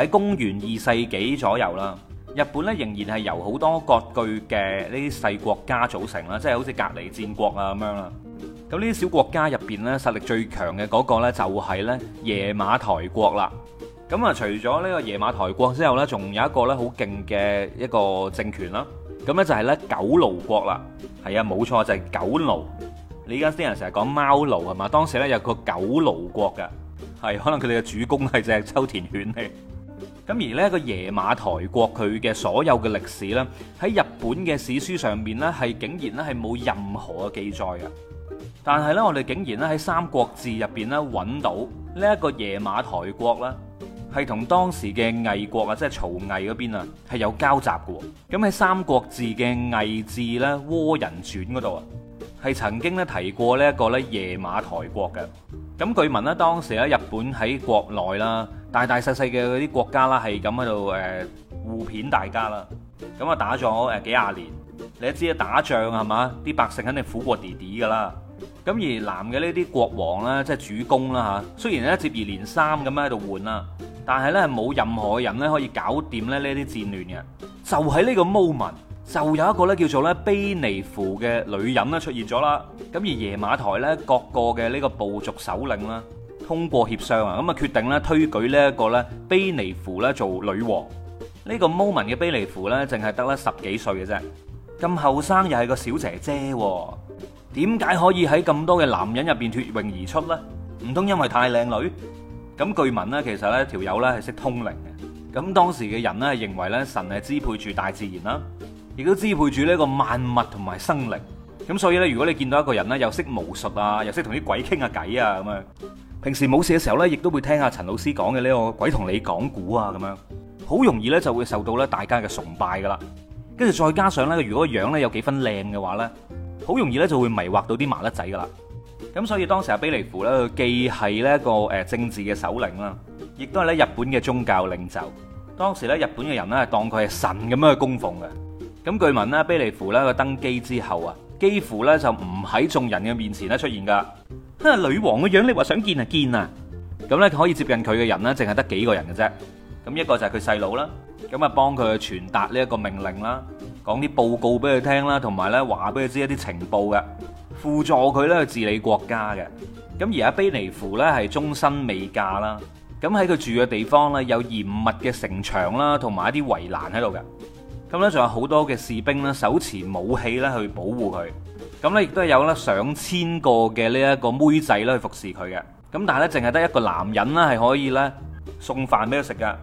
喺公元二世紀左右啦，日本咧仍然係由好多割據嘅呢啲細國家組成啦，即係好似隔離戰國啊咁樣啦。咁呢啲小國家入邊咧，實力最強嘅嗰個咧就係咧邪馬台國啦。咁啊，除咗呢個邪馬台國之後咧，仲有一個咧好勁嘅一個政權啦。咁咧就係咧狗奴國啦。係啊，冇錯就係狗奴。你而家啲人成日講貓奴係嘛？當時咧有個狗奴國㗎，係可能佢哋嘅主公係隻秋田犬嚟。咁而呢個野馬台國佢嘅所有嘅歷史呢，喺日本嘅史書上面呢，係竟然呢係冇任何嘅記載嘅。但係呢，我哋竟然咧喺《三國志》入面呢，揾到呢一個野馬台國呢，係同當時嘅魏國啊，即係曹魏嗰邊啊，係有交集嘅。咁喺《三國志》嘅魏志呢，《倭人傳》嗰度啊，係曾經呢提過呢一個呢野馬台國嘅。咁據聞呢，當時咧日本喺國內啦。大大細細嘅嗰啲國家啦，係咁喺度誒互騙大家啦，咁啊打咗誒幾廿年，你都知啦，打仗係嘛，啲百姓肯定苦過弟弟噶啦。咁而男嘅呢啲國王啦即係主公啦吓，雖然咧接二連三咁喺度換啦，但係咧冇任何人咧可以搞掂咧呢啲戰亂嘅。就喺呢個 moment，就有一個咧叫做咧卑彌呼嘅女人呢出現咗啦。咁而邪馬台咧各個嘅呢個部族首領啦，通過協商啊，咁啊決定咧推舉呢一個咧，卑彌呼咧做女王。呢、這個摩文嘅卑彌呼咧，淨係得咧十幾歲嘅啫，咁後生又係個小姐姐喎。點解可以喺咁多嘅男人入邊脫穎而出咧？唔通因為太靚女？咁據聞呢，其實咧條友咧係識通靈嘅。咁當時嘅人咧係認為咧神係支配住大自然啦，亦都支配住呢個萬物同埋生靈。咁所以咧，如果你見到一個人咧又識巫術啊，又識同啲鬼傾下偈啊，咁樣。平時冇事嘅時候咧，亦都會聽下陳老師講嘅呢個「鬼同你講古」啊，咁樣好容易咧就會受到咧大家嘅崇拜噶啦。跟住再加上咧，如果樣咧有幾分靚嘅話咧，好容易咧就會迷惑到啲麻甩仔噶啦。咁所以當時啊，卑彌呼咧佢既係呢一個誒政治嘅首領啦，亦都係咧日本嘅宗教領袖。當時咧日本嘅人咧當佢係神咁樣去供奉嘅。咁據聞呢，卑彌呼咧佢登基之後啊，幾乎咧就唔喺眾人嘅面前咧出現噶。女王嘅樣子，你話想見啊，見啊！咁呢可以接近佢嘅人呢，淨係得幾個人嘅啫。咁一個就係佢細佬啦，咁啊幫佢傳達呢一個命令啦，講啲報告俾佢聽啦，同埋呢話俾佢知一啲情報嘅，輔助佢呢去治理國家嘅。咁而阿卑彌呼呢，係終身未嫁啦。咁喺佢住嘅地方呢，有嚴密嘅城牆啦，同埋一啲圍欄喺度嘅。咁呢，仲有好多嘅士兵呢，手持武器呢，去保護佢。咁咧亦都係有咧上千個嘅呢一個妹仔咧去服侍佢嘅，咁但係咧淨係得一個男人啦，係可以咧送飯俾佢食㗎。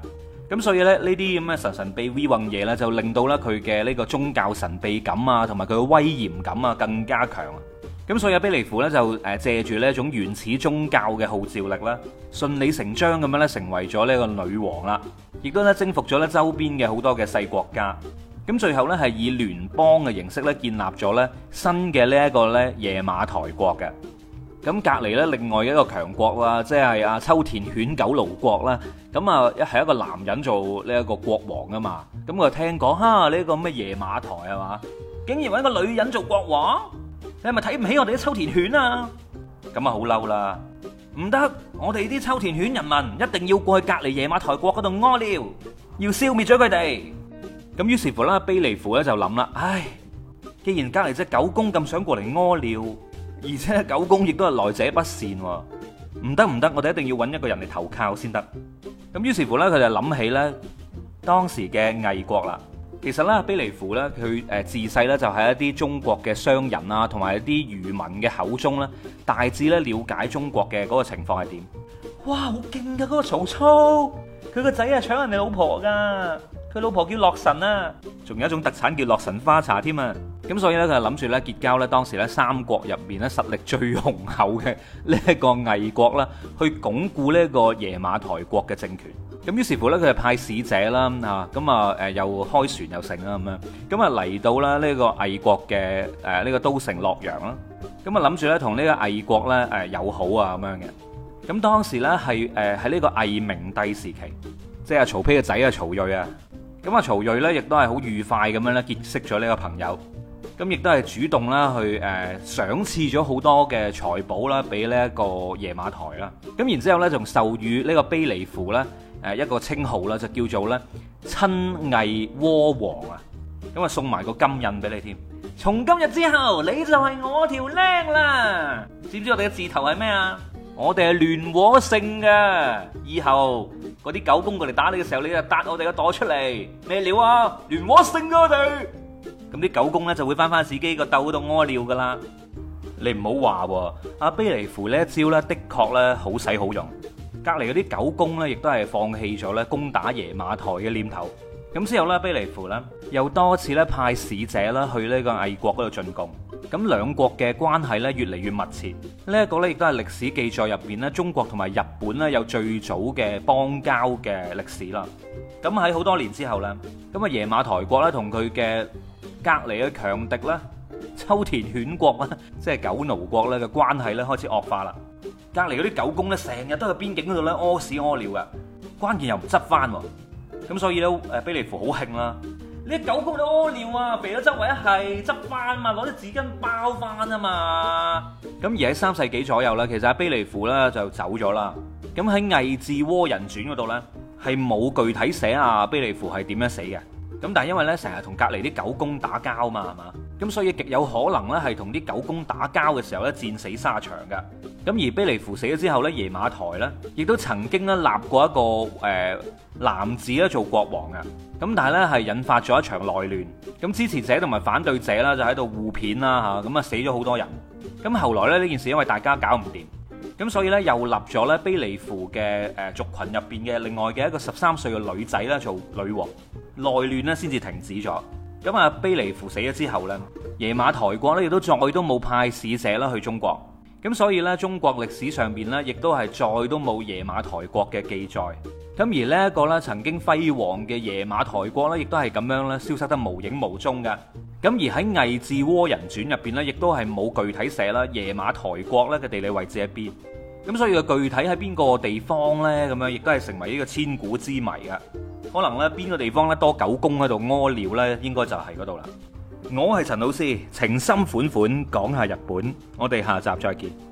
咁所以咧呢啲咁嘅神神秘 V 運嘢咧就令到咧佢嘅呢個宗教神秘感啊同埋佢嘅威嚴感啊更加強啊，咁所以阿卑彌呼咧就誒借住呢一種原始宗教嘅號召力啦，順理成章咁樣咧成為咗呢個女王啦，亦都咧征服咗咧周邊嘅好多嘅細國家。咁最後呢，係以聯邦嘅形式呢，建立咗呢新嘅呢一個呢野馬台國嘅。咁隔離呢，另外一個強國啦，即係阿秋田犬狗奴國啦。咁啊，一係一個男人做呢一個國王啊嘛。咁啊，聽講吓呢個咩野馬台係嘛，竟然揾個女人做國王？你係咪睇唔起我哋啲秋田犬啊？咁啊，好嬲啦！唔得，我哋啲秋田犬人民一定要過去隔離野馬台國嗰度屙尿，要消滅咗佢哋。咁於是乎咧，卑彌呼咧就諗啦，唉，既然隔離隻狗公咁想過嚟屙尿，而且狗公亦都係來者不善喎、啊，唔得唔得，我哋一定要揾一個人嚟投靠先得。咁於是乎咧，佢就諗起咧當時嘅魏國啦。其實咧，卑彌呼咧佢誒自細咧就喺一啲中國嘅商人啊同埋一啲漁民嘅口中咧，大致咧了解中國嘅嗰個情況係點。哇，好勁㗎！嗰、那個曹操，佢個仔啊搶人哋老婆噶。佢老婆叫洛神啊，仲有一種特產叫洛神花茶添啊。咁所以呢，佢就諗住呢結交呢，當時呢，三國入面呢實力最雄厚嘅呢一個魏國啦，去鞏固呢一個邪馬台國嘅政權。咁於是乎呢，佢就派使者啦啊咁啊誒，又開船又成啦咁樣咁啊嚟到啦呢個魏國嘅誒呢個都城洛陽啦。咁啊諗住呢同呢個魏國呢誒友好啊咁樣嘅。咁當時呢係誒喺呢個魏明帝時期，即係曹丕嘅仔啊，曹睿啊。咁啊，曹睿咧亦都係好愉快咁樣咧結識咗呢個朋友，咁亦都係主動啦去誒賞賜咗好多嘅財寶啦，俾呢一個邪馬台啦。咁然之後咧，仲授予呢個卑彌呼咧誒一個稱號啦，就叫做咧親魏倭王啊。咁啊，送埋個金印俾你添。從今日之後，你就係我條靚啦。知唔知我哋嘅字頭係咩啊？我哋係聯和勝嘅，以後嗰啲狗公過嚟打你嘅時候，你就搭我哋個朵出嚟，咩料啊？聯和勝啊！我哋咁啲狗公咧就會返返自己個斗度屙尿噶啦。你唔好話喎，阿卑彌呼呢一招咧的確咧好使好用，隔籬嗰啲狗公咧亦都係放棄咗咧攻打邪馬台嘅念頭。咁之後咧，卑彌呼咧又多次咧派使者啦去呢個魏國嗰度進貢。咁兩國嘅關係咧越嚟越密切，呢、這、一個亦都係歷史記載入面，呢中國同埋日本呢有最早嘅邦交嘅歷史啦。咁喺好多年之後呢，咁啊野馬台國同佢嘅隔離嘅強敵啦秋田犬國啊，即係狗奴國咧嘅關係呢開始惡化啦。隔離嗰啲狗公呢成日都喺邊境度呢屙屎屙、呃、尿嘅，關鍵又唔執翻喎。咁所以呢，誒卑彌呼好慶啦。呢狗公都屙尿啊，肥咗周圍一係，執翻嘛，攞啲紙巾包翻啊嘛。咁而喺三世紀左右啦，其實阿卑彌呼啦就走咗啦。咁喺《魏志倭人傳》嗰度咧，係冇具體寫啊卑彌呼係點樣死嘅。咁但係因為咧成日同隔離啲狗公打交嘛，係嘛？咁所以極有可能咧，係同啲狗公打交嘅時候咧，戰死沙場嘅。咁而卑彌呼死咗之後咧，邪馬台咧，亦都曾經咧立過一個誒男子咧做國王啊。咁但係咧係引發咗一場內亂。咁支持者同埋反對者啦，就喺度互片啦嚇，咁啊死咗好多人。咁後來咧呢件事因為大家搞唔掂，咁所以咧又立咗咧卑彌呼嘅誒族羣入邊嘅另外嘅一個十三歲嘅女仔咧做女王。內亂咧先至停止咗。咁啊，卑彌呼死咗之後呢，邪馬台國呢亦都再都冇派使者啦去中國。咁所以呢，中國歷史上面呢亦都係再都冇邪馬台國嘅記載。咁而呢一個呢曾經輝煌嘅邪馬台國呢，亦都係咁樣消失得無影無蹤㗎。咁而喺魏志倭人傳入面呢，亦都係冇具體寫啦邪馬台國呢嘅地理位置喺邊。咁所以佢具體喺邊個地方呢？咁樣亦都係成為呢個千古之謎啊！可能咧，邊個地方咧多狗公喺度屙尿咧，應該就係嗰度啦。我係陳老師，情深款款講下日本。我哋下集再見。